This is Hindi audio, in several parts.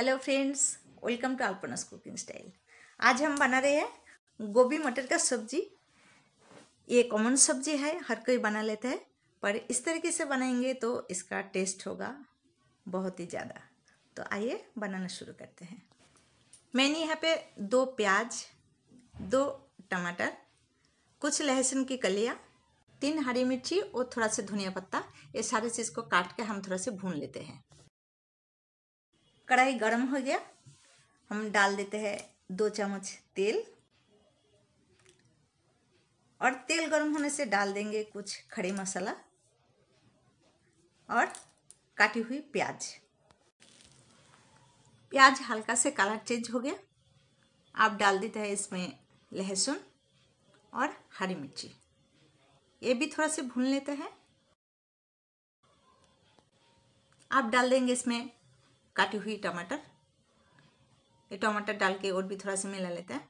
hello friends welcome to Alpana's cooking style आज हम बना रहे हैं गोभी मटर का सब्जी ये कॉमन सब्जी है हर कोई बना लेता है पर इस तरीके से बनाएंगे तो इसका टेस्ट होगा बहुत ही ज़्यादा तो आइए बनाना शुरू करते हैं मैंने यहाँ पे दो प्याज दो टमाटर कुछ लहसुन की कलिया तीन हरी मिर्ची और थोड़ा सा धनिया पत्ता ये सारी चीज़ को काट के हम थोड़ा से भून लेते हैं कढ़ाई गर्म हो गया हम डाल देते हैं दो चम्मच तेल और तेल गर्म होने से डाल देंगे कुछ खड़े मसाला और काटी हुई प्याज प्याज हल्का से कलर चेंज हो गया आप डाल देते हैं इसमें लहसुन और हरी मिर्ची ये भी थोड़ा से भून लेते हैं आप डाल देंगे इसमें काटी हुई टमाटर ये टमाटर डाल के और भी थोड़ा सा मिला लेते हैं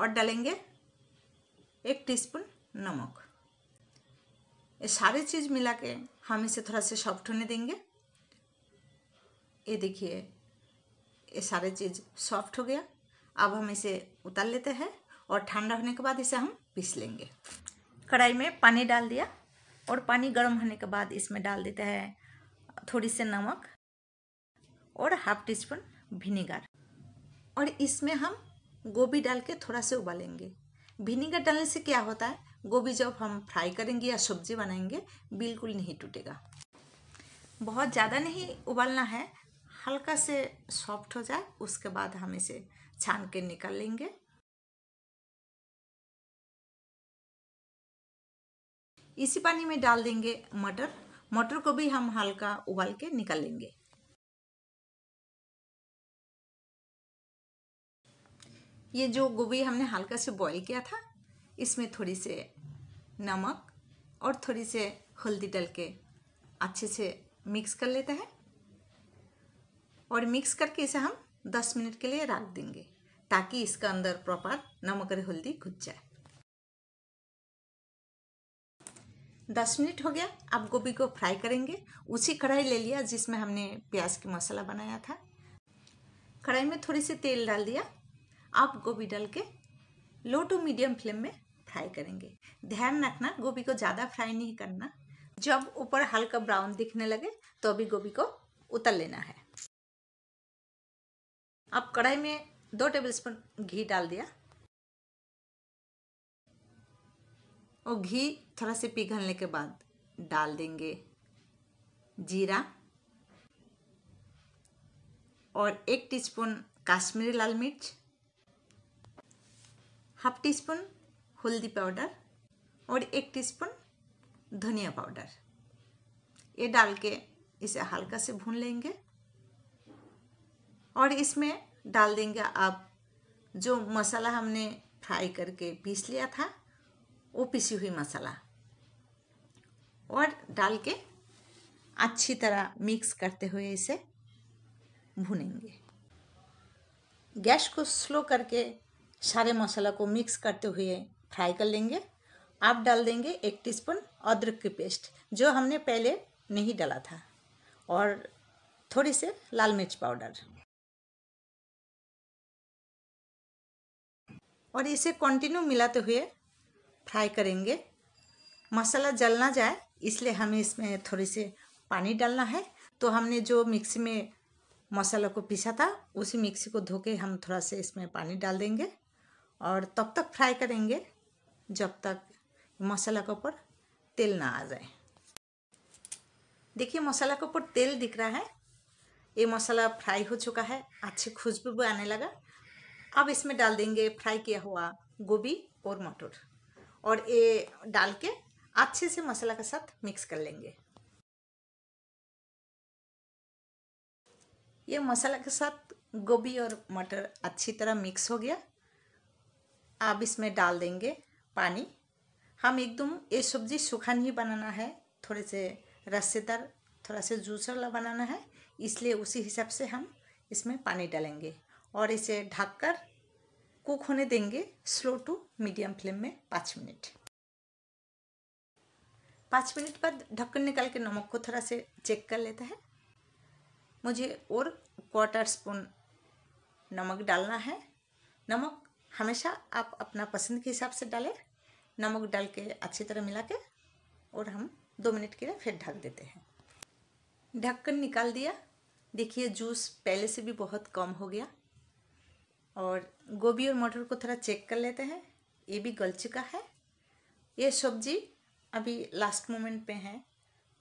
और डालेंगे एक टीस्पून नमक ये सारी चीज़ मिला के हम इसे थोड़ा सा सॉफ्ट होने देंगे ये देखिए ये सारे चीज़ सॉफ्ट हो गया अब हम इसे उतार लेते हैं और ठंडा होने के बाद इसे हम पीस लेंगे कढ़ाई में पानी डाल दिया और पानी गर्म होने के बाद इसमें डाल देते हैं थोड़ी से नमक और हाफ टी स्पून विनीगर और इसमें हम गोभी डाल के थोड़ा से उबालेंगे विनीगर डालने से क्या होता है गोभी जब हम फ्राई करेंगे या सब्जी बनाएंगे बिल्कुल नहीं टूटेगा बहुत ज़्यादा नहीं उबालना है हल्का से सॉफ्ट हो जाए उसके बाद हम इसे छान के निकाल लेंगे इसी पानी में डाल देंगे मटर मटर को भी हम हल्का उबाल के निकाल लेंगे ये जो गोभी हमने हल्का से बॉईल किया था इसमें थोड़ी से नमक और थोड़ी से हल्दी डाल के अच्छे से मिक्स कर लेते हैं और मिक्स करके इसे हम 10 मिनट के लिए रख देंगे ताकि इसका अंदर प्रॉपर नमक और हल्दी घुस जाए दस मिनट हो गया अब गोभी को फ्राई करेंगे उसी कढ़ाई ले लिया जिसमें हमने प्याज की मसाला बनाया था कढ़ाई में थोड़ी सी तेल डाल दिया आप गोभी डाल के लो टू मीडियम फ्लेम में फ्राई करेंगे ध्यान रखना गोभी को ज़्यादा फ्राई नहीं करना जब ऊपर हल्का ब्राउन दिखने लगे तो अभी गोभी को उतर लेना है अब कढ़ाई में दो टेबलस्पून घी डाल दिया और घी थोड़ा से पिघलने के बाद डाल देंगे जीरा और एक टीस्पून काश्मीरी लाल मिर्च हाफ टी स्पून हल्दी पाउडर और एक टीस्पून धनिया पाउडर ये डाल के इसे हल्का से भून लेंगे और इसमें डाल देंगे आप जो मसाला हमने फ्राई करके पीस लिया था वो पिसी हुई मसाला और डाल के अच्छी तरह मिक्स करते हुए इसे भुनेंगे गैस को स्लो करके सारे मसाला को मिक्स करते हुए फ्राई कर लेंगे आप डाल देंगे एक टीस्पून अदरक की पेस्ट जो हमने पहले नहीं डाला था और थोड़ी से लाल मिर्च पाउडर और इसे कंटिन्यू मिलाते हुए फ्राई करेंगे मसाला जल ना जाए इसलिए हमें इसमें थोड़ी से पानी डालना है तो हमने जो मिक्सी में मसाला को पीसा था उसी मिक्सी को धो के हम थोड़ा से इसमें पानी डाल देंगे और तब तक फ्राई करेंगे जब तक मसाला के ऊपर तेल ना आ जाए देखिए मसाला के ऊपर तेल दिख रहा है ये मसाला फ्राई हो चुका है अच्छी खुशबू भी आने लगा अब इसमें डाल देंगे फ्राई किया हुआ गोभी और मटर और ये डाल के अच्छे से मसाला के साथ मिक्स कर लेंगे ये मसाला के साथ गोभी और मटर अच्छी तरह मिक्स हो गया अब इसमें डाल देंगे पानी हम एकदम ये सब्ज़ी सूखा नहीं बनाना है थोड़े से रस्सेदार थोड़ा से जूस वाला बनाना है इसलिए उसी हिसाब से हम इसमें पानी डालेंगे और इसे ढककर कुक होने देंगे स्लो टू मीडियम फ्लेम में पाँच मिनट पाँच मिनट बाद ढक्कन निकाल के नमक को थोड़ा से चेक कर लेता है मुझे और क्वार्टर स्पून नमक डालना है नमक हमेशा आप अपना पसंद के हिसाब से डालें नमक डाल के अच्छी तरह मिला के और हम दो मिनट के लिए फिर ढक देते हैं ढक्कन निकाल दिया देखिए जूस पहले से भी बहुत कम हो गया और गोभी और मटर को थोड़ा चेक कर लेते हैं ये भी गल चुका है ये सब्जी अभी लास्ट मोमेंट पे है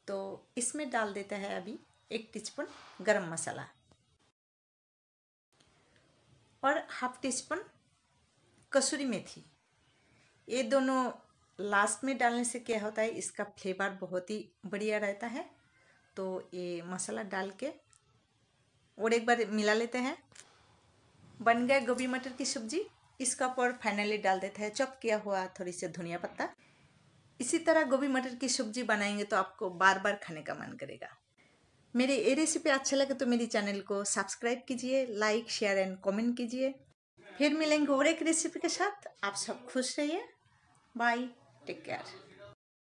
तो इसमें डाल देता है अभी एक टीस्पून गरम मसाला और हाफ टी स्पून कसूरी मेथी ये दोनों लास्ट में डालने से क्या होता है इसका फ्लेवर बहुत ही बढ़िया रहता है तो ये मसाला डाल के और एक बार मिला लेते हैं बन गया गोभी मटर की सब्जी इसका ऊपर फाइनली डाल देते हैं चॉप किया हुआ थोड़ी सी धनिया पत्ता इसी तरह गोभी मटर की सब्जी बनाएंगे तो आपको बार बार खाने का मन करेगा मेरी ये रेसिपी अच्छा लगे तो मेरी चैनल को सब्सक्राइब कीजिए लाइक शेयर एंड कमेंट कीजिए फिर मिलेंगे और एक रेसिपी के साथ आप सब खुश रहिए बाय टेक केयर